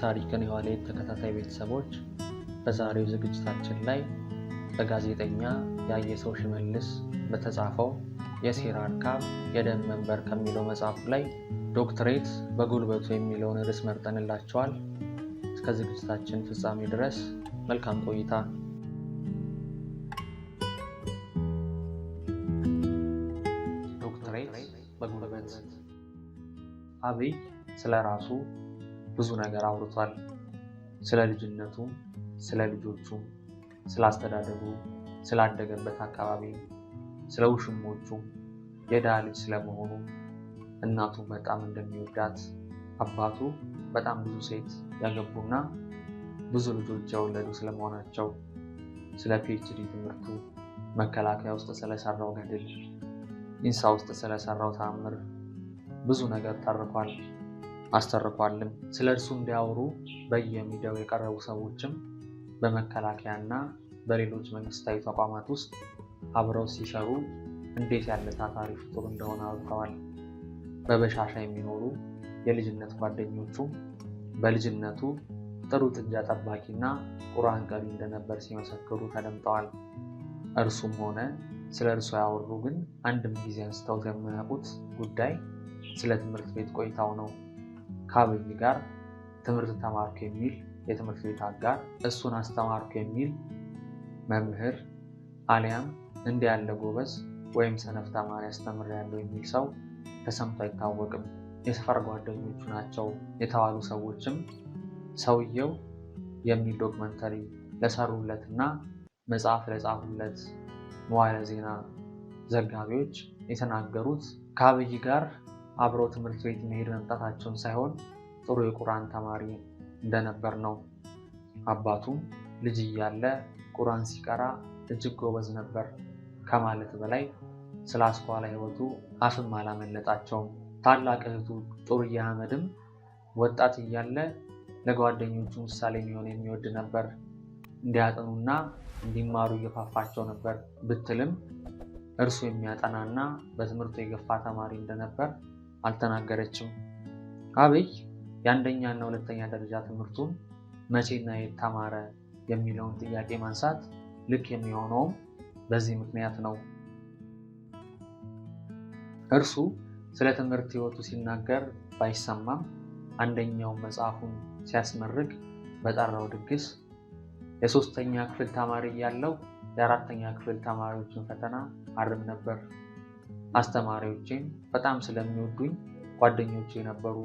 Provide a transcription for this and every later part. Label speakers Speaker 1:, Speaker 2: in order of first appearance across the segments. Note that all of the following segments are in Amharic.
Speaker 1: የታሪክን የዋሌት ተከታታይ ቤተሰቦች በዛሬው ዝግጅታችን ላይ በጋዜጠኛ ያየሰው ሽመልስ በተጻፈው የሴራ አርካብ የደም መንበር ከሚለው መጽሐፉ ላይ ዶክትሬት በጉልበቱ የሚለውን ርዕስ መርጠንላቸዋል። እስከ ዝግጅታችን ፍጻሜ ድረስ መልካም ቆይታ። ዶክትሬት በጉልበት አብይ ስለ ራሱ ብዙ ነገር አውርቷል። ስለ ልጅነቱ፣ ስለ ልጆቹም፣ ስለ አስተዳደጉ፣ ስላደገበት አካባቢ፣ ስለ ውሽሞቹ፣ የድሃ ልጅ ስለመሆኑ፣ እናቱ በጣም እንደሚወዳት፣ አባቱ በጣም ብዙ ሴት ያገቡና ብዙ ልጆች የወለዱ ስለመሆናቸው፣ ስለ ፒኤችዲ ትምህርቱ፣ መከላከያ ውስጥ ስለሰራው ገድል፣ ኢንሳ ውስጥ ስለሰራው ተአምር ብዙ ነገር ተርኳል። አስተርኳልም። ስለ እርሱ እንዲያወሩ በየሚዲያው የቀረቡ ሰዎችም በመከላከያ እና በሌሎች መንግስታዊ ተቋማት ውስጥ አብረው ሲሰሩ እንዴት ያለ ታታሪ ፍጡር እንደሆነ አውቀዋል። በበሻሻ የሚኖሩ የልጅነት ጓደኞቹም በልጅነቱ ጥሩ ጥጃ ጠባቂ እና ቁርአን ቀሪ እንደነበር ሲመሰክሩ ተደምጠዋል። እርሱም ሆነ ስለ እርሱ ያወሩ ግን አንድም ጊዜ አንስተው የማያውቁት ጉዳይ ስለ ትምህርት ቤት ቆይታው ነው። ከአብይ ጋር ትምህርት ተማርኩ የሚል የትምህርት ቤት አጋር፣ እሱን አስተማርኩ የሚል መምህር አሊያም እንዲህ ያለ ጎበዝ ወይም ሰነፍ ተማሪ ያለው የሚል ሰው ተሰምቶ አይታወቅም። የሰፈር ጓደኞቹ ናቸው የተባሉ ሰዎችም ሰውየው የሚል ዶክመንተሪ ለሰሩለት እና መጽሐፍ ለጻፉለት መዋለ ዜና ዘጋቢዎች የተናገሩት ከአብይ ጋር አብሮ ትምህርት ቤት መሄድ መምጣታቸውን ሳይሆን ጥሩ የቁርአን ተማሪ እንደነበር ነው። አባቱም ልጅ እያለ ቁርአን ሲቀራ እጅግ ጎበዝ ነበር ከማለት በላይ ስለ አስኳላ ህይወቱ አፍም አላመለጣቸውም። ታላቅ እህቱ ጡርያ አህመድም ወጣት እያለ ለጓደኞቹ ምሳሌ የሚሆን የሚወድ ነበር። እንዲያጠኑና እንዲማሩ እየፋፋቸው ነበር ብትልም እርሱ የሚያጠናና በትምህርቱ የገፋ ተማሪ እንደነበር አልተናገረችም። አብይ የአንደኛ ና ሁለተኛ ደረጃ ትምህርቱን መቼና የት ተማረ የሚለውን ጥያቄ ማንሳት ልክ የሚሆነውም በዚህ ምክንያት ነው። እርሱ ስለ ትምህርት ህይወቱ ሲናገር ባይሰማም አንደኛው መጽሐፉን ሲያስመርቅ በጠራው ድግስ የሶስተኛ ክፍል ተማሪ ያለው የአራተኛ ክፍል ተማሪዎችን ፈተና አርም ነበር። አስተማሪዎቼን በጣም ስለሚወዱኝ ጓደኞች ነበሩ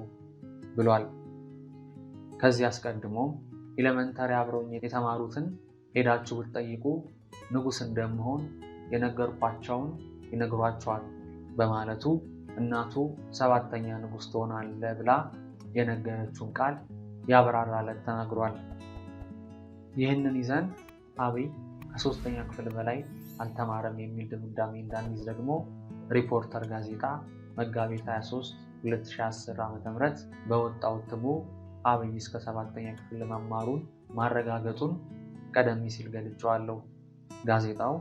Speaker 1: ብሏል። ከዚህ አስቀድሞ ኤሌመንተሪ አብረውኝ የተማሩትን ሄዳችሁ ብትጠይቁ ንጉስ እንደምሆን የነገርኳቸውን ይነግሯቸዋል በማለቱ እናቱ ሰባተኛ ንጉስ ትሆናለህ ብላ የነገረችውን ቃል ያብራራለት ተናግሯል። ይህንን ይዘን አቤ ከሶስተኛ ክፍል በላይ አልተማረም የሚል ድምዳሜ እንዳንይዝ ደግሞ ሪፖርተር ጋዜጣ መጋቢት 23 2010 ዓ ም በወጣው እትሙ አብይ እስከ ሰባተኛ ክፍል መማሩን ማረጋገጡን ቀደም ሲል ገልጨዋለሁ። ጋዜጣው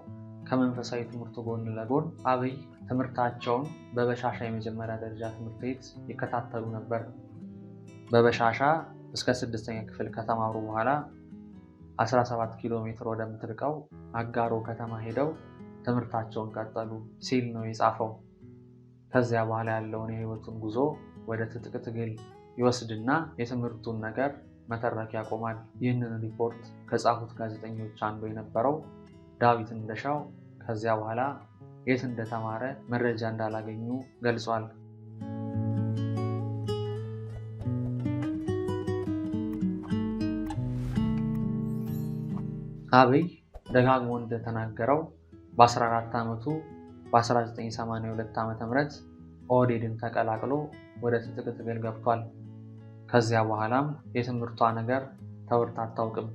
Speaker 1: ከመንፈሳዊ ትምህርቱ ጎን ለጎን አብይ ትምህርታቸውን በበሻሻ የመጀመሪያ ደረጃ ትምህርት ቤት ይከታተሉ ነበር። በበሻሻ እስከ ስድስተኛ ክፍል ከተማሩ በኋላ 17 ኪሎ ሜትር ወደምትርቀው አጋሮ ከተማ ሄደው ትምህርታቸውን ቀጠሉ ሲል ነው የጻፈው። ከዚያ በኋላ ያለውን የህይወቱን ጉዞ ወደ ትጥቅ ትግል ይወስድና የትምህርቱን ነገር መተረክ ያቆማል። ይህንን ሪፖርት ከጻፉት ጋዜጠኞች አንዱ የነበረው ዳዊት እንደሻው ከዚያ በኋላ የት እንደተማረ መረጃ እንዳላገኙ ገልጿል። አብይ ደጋግሞ እንደተናገረው በ14 ዓመቱ በ1982 ዓ ም ኦህዴድን ተቀላቅሎ ወደ ትጥቅ ትግል ገብቷል። ከዚያ በኋላም የትምህርቷ ነገር ተውርት አታውቅም።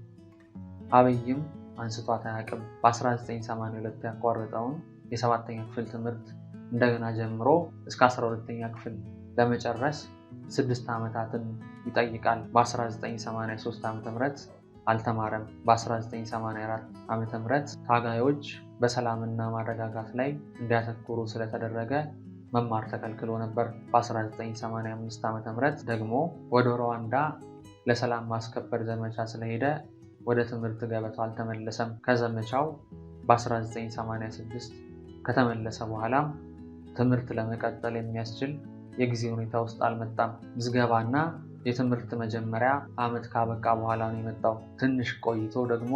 Speaker 1: አብይም አንስቷት አያውቅም። በ1982 ያቋረጠውን የሰባተኛ ክፍል ትምህርት እንደገና ጀምሮ እስከ 12ተኛ ክፍል ለመጨረስ ስድስት ዓመታትን ይጠይቃል። በ1983 ዓ ም አልተማረም። በ1984 ዓ ም ታጋዮች በሰላምና ማረጋጋት ላይ እንዲያተኩሩ ስለተደረገ መማር ተከልክሎ ነበር። በ1985 ዓ ም ደግሞ ወደ ሩዋንዳ ለሰላም ማስከበር ዘመቻ ስለሄደ ወደ ትምህርት ገበታው አልተመለሰም። ከዘመቻው በ1986 ከተመለሰ በኋላም ትምህርት ለመቀጠል የሚያስችል የጊዜ ሁኔታ ውስጥ አልመጣም። ምዝገባና የትምህርት መጀመሪያ ዓመት ካበቃ በኋላ ነው የመጣው። ትንሽ ቆይቶ ደግሞ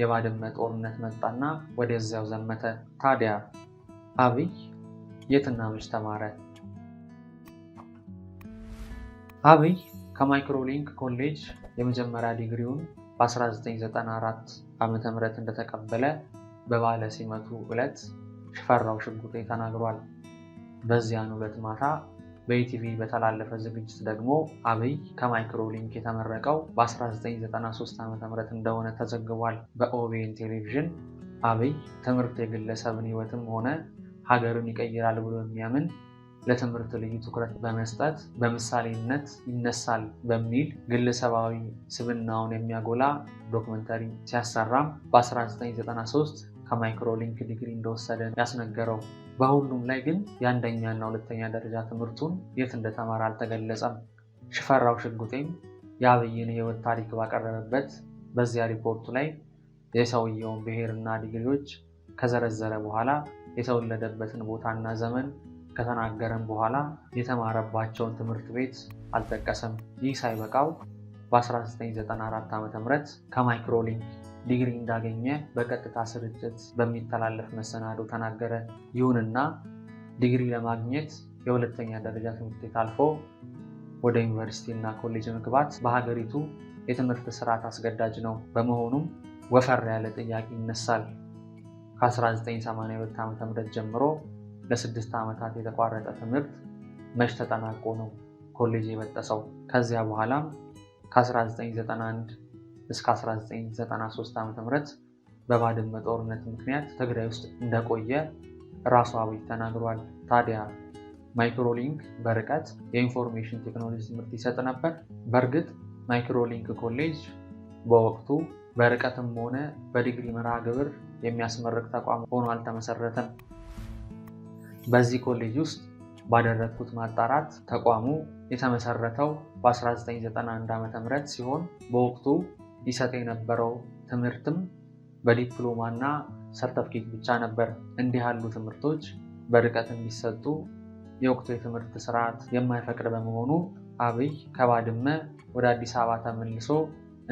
Speaker 1: የባድመ ጦርነት መጣና ወደዚያው ዘመተ። ታዲያ አብይ የትና መች ተማረ? አብይ ከማይክሮሊንክ ኮሌጅ የመጀመሪያ ዲግሪውን በ1994 ዓ.ም እንደተቀበለ በባለ ሲመቱ ዕለት ሽፈራው ሽጉጤ ተናግሯል። በዚያን ዕለት ማታ በኢቲቪ በተላለፈ ዝግጅት ደግሞ አብይ ከማይክሮሊንክ የተመረቀው በ1993 ዓ ም እንደሆነ ተዘግቧል። በኦቤን ቴሌቪዥን አብይ ትምህርት የግለሰብን ህይወትም ሆነ ሀገርን ይቀይራል ብሎ የሚያምን ለትምህርት ልዩ ትኩረት በመስጠት በምሳሌነት ይነሳል በሚል ግለሰባዊ ስብናውን የሚያጎላ ዶክመንተሪ ሲያሰራም በ1993 ከማይክሮሊንክ ዲግሪ እንደወሰደ ያስነገረው በሁሉም ላይ ግን የአንደኛና ሁለተኛ ደረጃ ትምህርቱን የት እንደተማረ አልተገለጸም። ሽፈራው ሽጉጤም የአብይን ህይወት ታሪክ ባቀረበበት በዚያ ሪፖርቱ ላይ የሰውየውን ብሔርና ዲግሪዎች ከዘረዘረ በኋላ የተወለደበትን ቦታና ዘመን ከተናገረም በኋላ የተማረባቸውን ትምህርት ቤት አልጠቀሰም። ይህ ሳይበቃው በ1994 ዓ ም ከማይክሮሊንክ ዲግሪ እንዳገኘ በቀጥታ ስርጭት በሚተላለፍ መሰናዶ ተናገረ። ይሁንና ዲግሪ ለማግኘት የሁለተኛ ደረጃ ትምህርት ቤት አልፎ ወደ ዩኒቨርሲቲ እና ኮሌጅ መግባት በሀገሪቱ የትምህርት ስርዓት አስገዳጅ ነው። በመሆኑም ወፈር ያለ ጥያቄ ይነሳል። ከ1982 ዓ ም ጀምሮ ለስድስት ዓመታት የተቋረጠ ትምህርት መች ተጠናቆ ነው ኮሌጅ የበጠሰው? ከዚያ በኋላም ከ1991 እስከ 1993 ዓ ም በባድመ ጦርነት ምክንያት ትግራይ ውስጥ እንደቆየ ራሱ አብይ ተናግሯል። ታዲያ ማይክሮሊንክ በርቀት የኢንፎርሜሽን ቴክኖሎጂ ትምህርት ይሰጥ ነበር። በእርግጥ ማይክሮሊንክ ኮሌጅ በወቅቱ በርቀትም ሆነ በዲግሪ መርሃ ግብር የሚያስመርቅ ተቋም ሆኖ አልተመሰረተም። በዚህ ኮሌጅ ውስጥ ባደረግኩት ማጣራት ተቋሙ የተመሰረተው በ1991 ዓ ም ሲሆን በወቅቱ ይሰጥ የነበረው ትምህርትም በዲፕሎማና ሰርተፍኬት ብቻ ነበር። እንዲህ ያሉ ትምህርቶች በርቀት የሚሰጡ የወቅቱ የትምህርት ስርዓት የማይፈቅድ በመሆኑ አብይ ከባድመ ወደ አዲስ አበባ ተመልሶ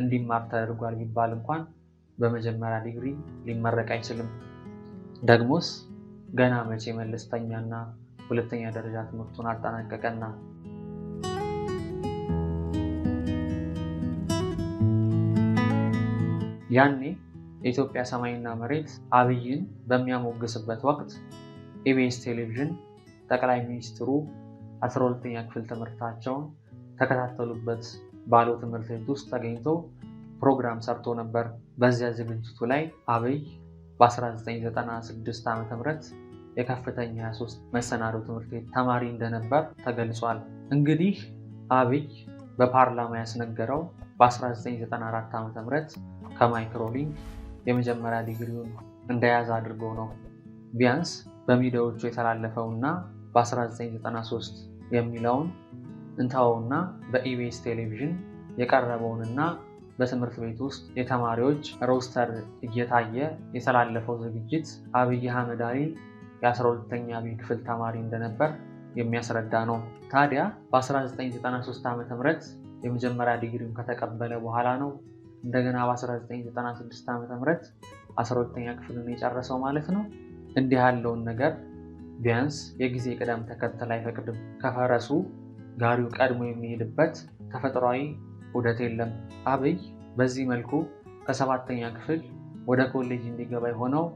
Speaker 1: እንዲማር ተደርጓል ቢባል እንኳን በመጀመሪያ ዲግሪ ሊመረቅ አይችልም። ደግሞስ ገና መቼ መለስተኛና ሁለተኛ ደረጃ ትምህርቱን አጠናቀቀና ያኔ የኢትዮጵያ ሰማይና መሬት አብይን በሚያሞግስበት ወቅት ኢቢኤስ ቴሌቪዥን ጠቅላይ ሚኒስትሩ 12ኛ ክፍል ትምህርታቸውን ተከታተሉበት ባለው ትምህርት ቤት ውስጥ ተገኝቶ ፕሮግራም ሰርቶ ነበር። በዚያ ዝግጅቱ ላይ አብይ በ1996 ዓ ም የከፍተኛ 23 መሰናዶ ትምህርት ቤት ተማሪ እንደነበር ተገልጿል። እንግዲህ አብይ በፓርላማ ያስነገረው በ1994 ዓ ም ከማይክሮሊንግ የመጀመሪያ ዲግሪውን እንደያዘ አድርጎ ነው ቢያንስ በሚዲያዎቹ የተላለፈው እና በ1993 የሚለውን እንታወውና በኢቢኤስ ቴሌቪዥን የቀረበውንና በትምህርት ቤት ውስጥ የተማሪዎች ሮስተር እየታየ የተላለፈው ዝግጅት አብይ አህመድ አሊ የ12ኛ ቢ ክፍል ተማሪ እንደነበር የሚያስረዳ ነው። ታዲያ በ1993 ዓ ም የመጀመሪያ ዲግሪም ከተቀበለ በኋላ ነው እንደገና በ1996 ዓ ም 12 ተኛ ክፍልን የጨረሰው ማለት ነው። እንዲህ ያለውን ነገር ቢያንስ የጊዜ ቅደም ተከተል አይፈቅድም። ከፈረሱ ጋሪው ቀድሞ የሚሄድበት ተፈጥሯዊ ውደት የለም። አብይ በዚህ መልኩ ከሰባተኛ ክፍል ወደ ኮሌጅ እንዲገባ የሆነው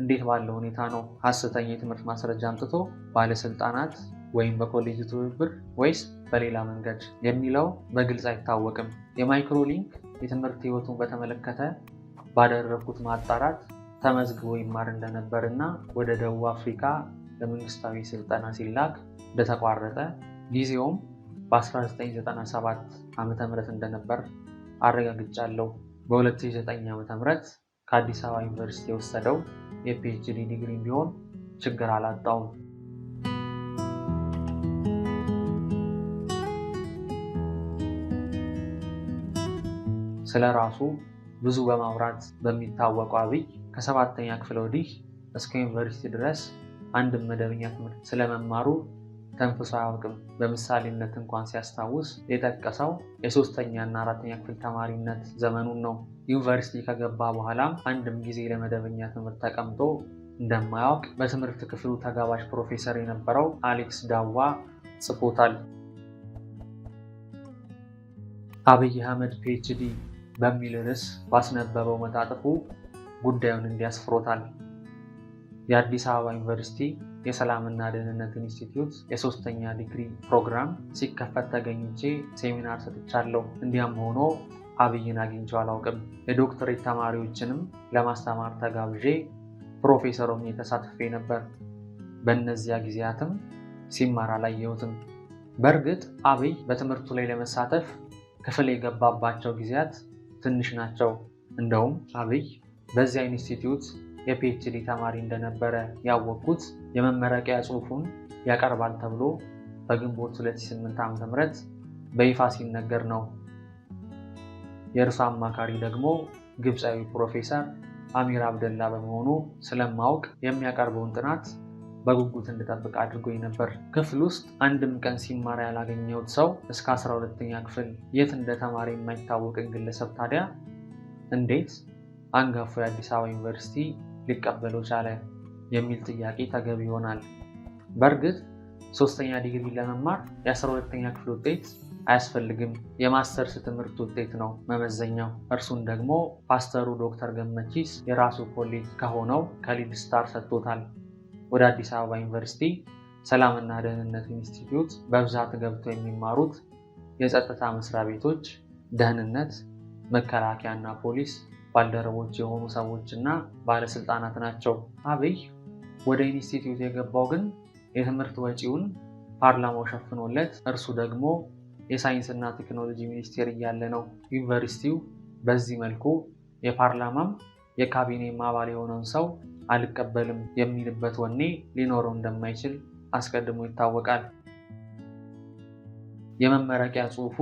Speaker 1: እንዴት ባለው ሁኔታ ነው? ሀሰተኛ የትምህርት ማስረጃ አምጥቶ ባለስልጣናት ወይም በኮሌጅ ትብብር ወይስ በሌላ መንገድ የሚለው በግልጽ አይታወቅም። የማይክሮሊንክ የትምህርት ህይወቱን በተመለከተ ባደረግኩት ማጣራት ተመዝግቦ ይማር እንደነበር እና ወደ ደቡብ አፍሪካ ለመንግስታዊ ስልጠና ሲላክ እንደተቋረጠ ጊዜውም በ1997 ዓ ም እንደነበር አረጋግጫለሁ። በ2009 ዓ ም ከአዲስ አበባ ዩኒቨርሲቲ የወሰደው የፒኤችዲ ዲግሪ ቢሆን ችግር አላጣውም። ስለ ራሱ ብዙ በማውራት በሚታወቁ አብይ ከሰባተኛ ክፍል ወዲህ እስከ ዩኒቨርሲቲ ድረስ አንድም መደበኛ ትምህርት ስለመማሩ ተንፍሶ አያውቅም። በምሳሌነት እንኳን ሲያስታውስ የጠቀሰው የሶስተኛ እና አራተኛ ክፍል ተማሪነት ዘመኑን ነው። ዩኒቨርሲቲ ከገባ በኋላም አንድም ጊዜ ለመደበኛ ትምህርት ተቀምጦ እንደማያውቅ በትምህርት ክፍሉ ተጋባዥ ፕሮፌሰር የነበረው አሌክስ ዳዋ ጽፎታል። አብይ አህመድ ፒኤችዲ በሚል ርዕስ ባስነበበው መጣጥፉ ጉዳዩን እንዲያስፍሮታል። የአዲስ አበባ ዩኒቨርሲቲ የሰላምና ደህንነት ኢንስቲትዩት የሶስተኛ ዲግሪ ፕሮግራም ሲከፈት ተገኝቼ ሴሚናር ሰጥቻለሁ። እንዲያም ሆኖ አብይን አግኝቼው አላውቅም። የዶክትሬት ተማሪዎችንም ለማስተማር ተጋብዤ ፕሮፌሰሩም የተሳትፌ ነበር። በእነዚያ ጊዜያትም ሲማር አላየሁትም። በእርግጥ አብይ በትምህርቱ ላይ ለመሳተፍ ክፍል የገባባቸው ጊዜያት ትንሽ ናቸው። እንደውም አብይ በዚያ ኢንስቲትዩት የፒኤችዲ ተማሪ እንደነበረ ያወቅኩት የመመረቂያ ጽሑፉን ያቀርባል ተብሎ በግንቦት ዓ ዓ.ም በይፋ ሲነገር ነው። የእርሱ አማካሪ ደግሞ ግብፃዊ ፕሮፌሰር አሚር አብደላ በመሆኑ ስለማወቅ የሚያቀርበውን ጥናት በጉጉት እንድጠብቅ አድርጎኝ ነበር። ክፍል ውስጥ አንድም ቀን ሲማር ያላገኘሁት ሰው እስከ 12 ተኛ ክፍል የት ተማሪ የማይታወቅን ግለሰብ ታዲያ እንዴት አንጋፉ የአዲስ አበባ ዩኒቨርሲቲ ሊቀበለው ቻለ የሚል ጥያቄ ተገቢ ይሆናል። በእርግጥ ሶስተኛ ዲግሪ ለመማር የ 12 ተኛ ክፍል ውጤት አያስፈልግም። የማስተርስ ትምህርት ውጤት ነው መመዘኛው። እርሱን ደግሞ ፓስተሩ ዶክተር ገመቺስ የራሱ ኮሌጅ ከሆነው ከሊድ ስታር ሰጥቶታል። ወደ አዲስ አበባ ዩኒቨርሲቲ ሰላምና ደህንነት ኢንስቲትዩት በብዛት ገብተው የሚማሩት የጸጥታ መስሪያ ቤቶች፣ ደህንነት፣ መከላከያና ፖሊስ ባልደረቦች የሆኑ ሰዎችና ባለስልጣናት ናቸው። አብይ ወደ ኢንስቲትዩት የገባው ግን የትምህርት ወጪውን ፓርላማው ሸፍኖለት እርሱ ደግሞ የሳይንስና ቴክኖሎጂ ሚኒስቴር እያለ ነው። ዩኒቨርሲቲው በዚህ መልኩ የፓርላማም የካቢኔም አባል የሆነውን ሰው አልቀበልም የሚልበት ወኔ ሊኖረው እንደማይችል አስቀድሞ ይታወቃል። የመመረቂያ ጽሁፉ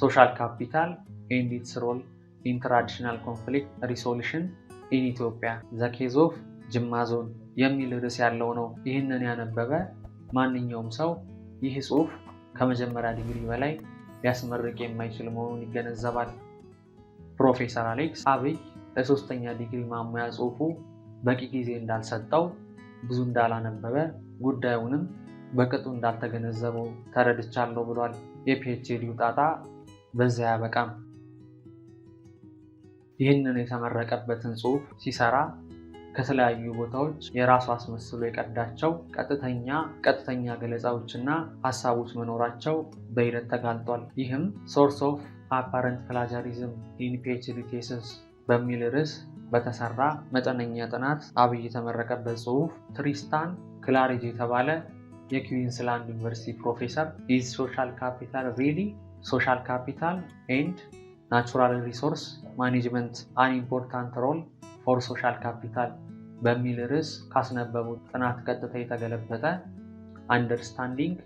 Speaker 1: ሶሻል ካፒታል ኤንድ ኢትስ ሮል ኢን ትራዲሽናል ኮንፍሊክት ሪሶሉሽን ኢን ኢትዮጵያ ዘኬዝ ኦፍ ጅማ ዞን የሚል ርዕስ ያለው ነው። ይህንን ያነበበ ማንኛውም ሰው ይህ ጽሁፍ ከመጀመሪያ ዲግሪ በላይ ሊያስመርቅ የማይችል መሆኑን ይገነዘባል። ፕሮፌሰር አሌክስ አብይ ለሶስተኛ ዲግሪ ማሙያ ጽሑፉ በቂ ጊዜ እንዳልሰጠው፣ ብዙ እንዳላነበበ፣ ጉዳዩንም በቅጡ እንዳልተገነዘበው ተረድቻለሁ ብሏል። የፒኤችዲው ጣጣ በዚያ ያበቃም። ይህንን የተመረቀበትን ጽሑፍ ሲሰራ ከተለያዩ ቦታዎች የራሱ አስመስሎ የቀዳቸው ቀጥተኛ ቀጥተኛ ገለጻዎችና ሀሳቦች መኖራቸው በሂደት ተጋልጧል። ይህም ሶርስ ኦፍ አፓረንት ፕላጃሪዝም ኢን ፒኤችዲ በሚል ርዕስ በተሰራ መጠነኛ ጥናት አብይ የተመረቀበት ጽሁፍ ትሪስታን ክላሪጅ የተባለ የኩዊንስላንድ ዩኒቨርሲቲ ፕሮፌሰር ኢዝ ሶሻል ካፒታል ሪሊ ሶሻል ካፒታል ኤንድ ናቹራል ሪሶርስ ማኔጅመንት አን ኢምፖርታንት ሮል ፎር ሶሻል ካፒታል በሚል ርዕስ ካስነበቡት ጥናት ቀጥታ የተገለበጠ አንደርስታንዲንግ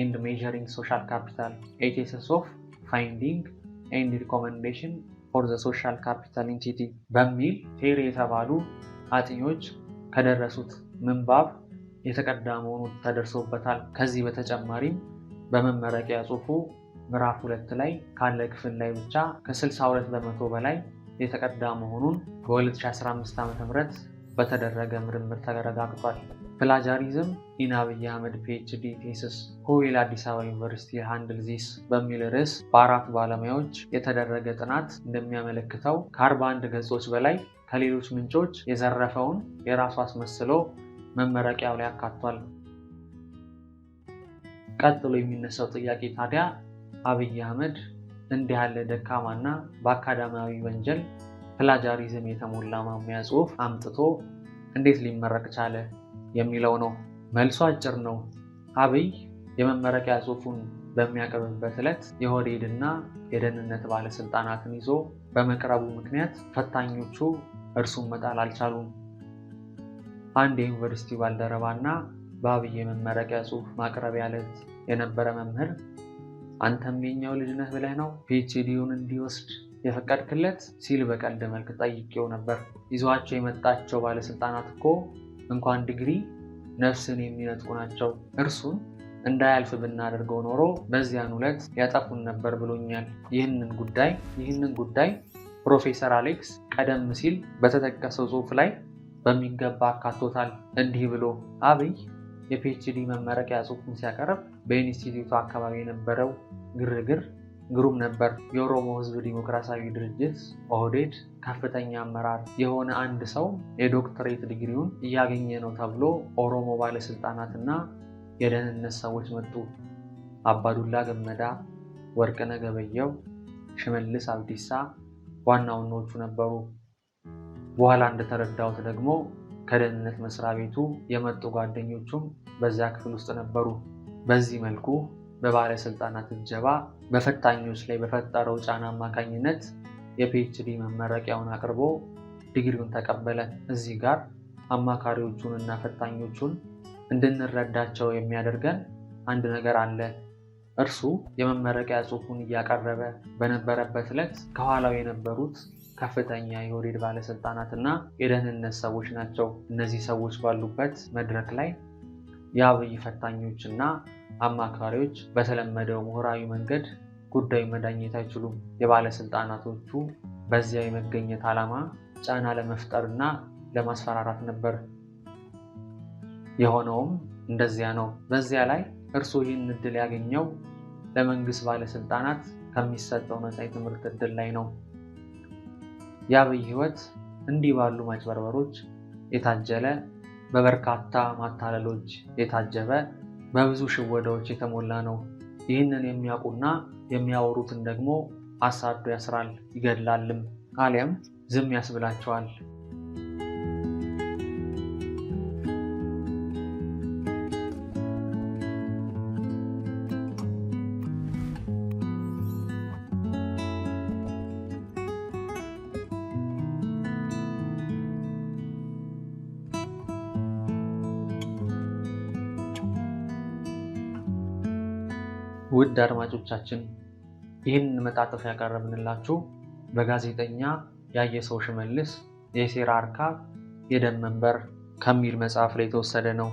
Speaker 1: ኤንድ ሜዥሪንግ ሶሻል ካፒታል ኤ ኦፍ ፋይንዲንግ ኤንድ ሪኮመንዴሽን ፎር ዘ ሶሻል ካፒታል ኢንቲቲ በሚል ቴሪ የተባሉ አጥኞች ከደረሱት ምንባብ የተቀዳ መሆኑ ተደርሶበታል። ከዚህ በተጨማሪም በመመረቂያ ጽሑፉ ምዕራፍ ሁለት ላይ ካለ ክፍል ላይ ብቻ ከ62 በመቶ በላይ የተቀዳ መሆኑን በ2015 ም በተደረገ ምርምር ተረጋግጧል። ፕላጃሪዝም ኢን አብይ አህመድ ፒኤችዲ ቴስስ ሁዌል አዲስ አበባ ዩኒቨርሲቲ ሃንድል ዚስ በሚል ርዕስ በአራት ባለሙያዎች የተደረገ ጥናት እንደሚያመለክተው ከ41 ገጾች በላይ ከሌሎች ምንጮች የዘረፈውን የራሱ አስመስሎ መመረቂያው ላይ አካቷል። ቀጥሎ የሚነሳው ጥያቄ ታዲያ አብይ አህመድ እንዲህ ያለ ደካማና በአካዳሚያዊ ወንጀል ፕላጃሪዝም የተሞላ ማሚያ ጽሁፍ አምጥቶ እንዴት ሊመረቅ ቻለ የሚለው ነው። መልሱ አጭር ነው። አብይ የመመረቂያ ጽሁፉን በሚያቀርብበት ዕለት የኦህዴድና የደህንነት ባለስልጣናትን ይዞ በመቅረቡ ምክንያት ፈታኞቹ እርሱን መጣል አልቻሉም። አንድ የዩኒቨርሲቲ ባልደረባና በአብይ የመመረቂያ ጽሑፍ ማቅረቢያ ዕለት የነበረ መምህር አንተም የኛው ልጅ ነህ ብለህ ነው ፒኤችዲውን እንዲወስድ የፈቀድክለት ሲል በቀልድ መልክ ጠይቄው ነበር። ይዟቸው የመጣቸው ባለስልጣናት እኮ እንኳን ዲግሪ ነፍስን የሚነጥቁ ናቸው። እርሱን እንዳያልፍ ብናደርገው ኖሮ በዚያን ዕለት ያጠፉን ነበር ብሎኛል። ይህንን ጉዳይ ይህንን ጉዳይ ፕሮፌሰር አሌክስ ቀደም ሲል በተጠቀሰው ጽሑፍ ላይ በሚገባ አካቶታል። እንዲህ ብሎ አብይ የፒኤችዲ መመረቂያ ጽሑፉን ሲያቀርብ በኢንስቲትዩቱ አካባቢ የነበረው ግርግር ግሩም ነበር። የኦሮሞ ሕዝብ ዲሞክራሲያዊ ድርጅት ኦህዴድ ከፍተኛ አመራር የሆነ አንድ ሰው የዶክትሬት ዲግሪውን እያገኘ ነው ተብሎ ኦሮሞ ባለስልጣናትና የደህንነት ሰዎች መጡ። አባዱላ ገመዳ፣ ወርቅነህ ገበየው፣ ሽመልስ አብዲሳ ዋና ዋናዎቹ ነበሩ። በኋላ እንደተረዳሁት ደግሞ ከደህንነት መስሪያ ቤቱ የመጡ ጓደኞቹም በዚያ ክፍል ውስጥ ነበሩ። በዚህ መልኩ በባለስልጣናት እጀባ በፈታኞች ላይ በፈጠረው ጫና አማካኝነት የፒኤችዲ መመረቂያውን አቅርቦ ዲግሪውን ተቀበለ። እዚህ ጋር አማካሪዎቹን እና ፈታኞቹን እንድንረዳቸው የሚያደርገን አንድ ነገር አለ። እርሱ የመመረቂያ ጽሑፉን እያቀረበ በነበረበት ዕለት ከኋላው የነበሩት ከፍተኛ የኦህዴድ ባለስልጣናት እና የደህንነት ሰዎች ናቸው። እነዚህ ሰዎች ባሉበት መድረክ ላይ የአብይ ፈታኞች እና አማካሪዎች በተለመደው ምሁራዊ መንገድ ጉዳዩ መዳኘት አይችሉም። የባለስልጣናቶቹ በዚያ የመገኘት ዓላማ ጫና ለመፍጠር እና ለማስፈራራት ነበር። የሆነውም እንደዚያ ነው። በዚያ ላይ እርስዎ ይህን እድል ያገኘው ለመንግስት ባለስልጣናት ከሚሰጠው ነፃ የትምህርት እድል ላይ ነው። የአብይ ህይወት እንዲህ ባሉ ማጭበርበሮች የታጀለ በበርካታ ማታለሎች የታጀበ በብዙ ሽወዳዎች የተሞላ ነው። ይህንን የሚያውቁና የሚያወሩትን ደግሞ አሳዶ ያስራል ይገድላልም፣ አሊያም ዝም ያስብላቸዋል። ውድ አድማጮቻችን ይህን መጣጥፍ ያቀረብንላችሁ በጋዜጠኛ ያየ ሰው ሽመልስ የሴራ አርካ የደም መንበር ከሚል መጽሐፍ ላይ የተወሰደ ነው።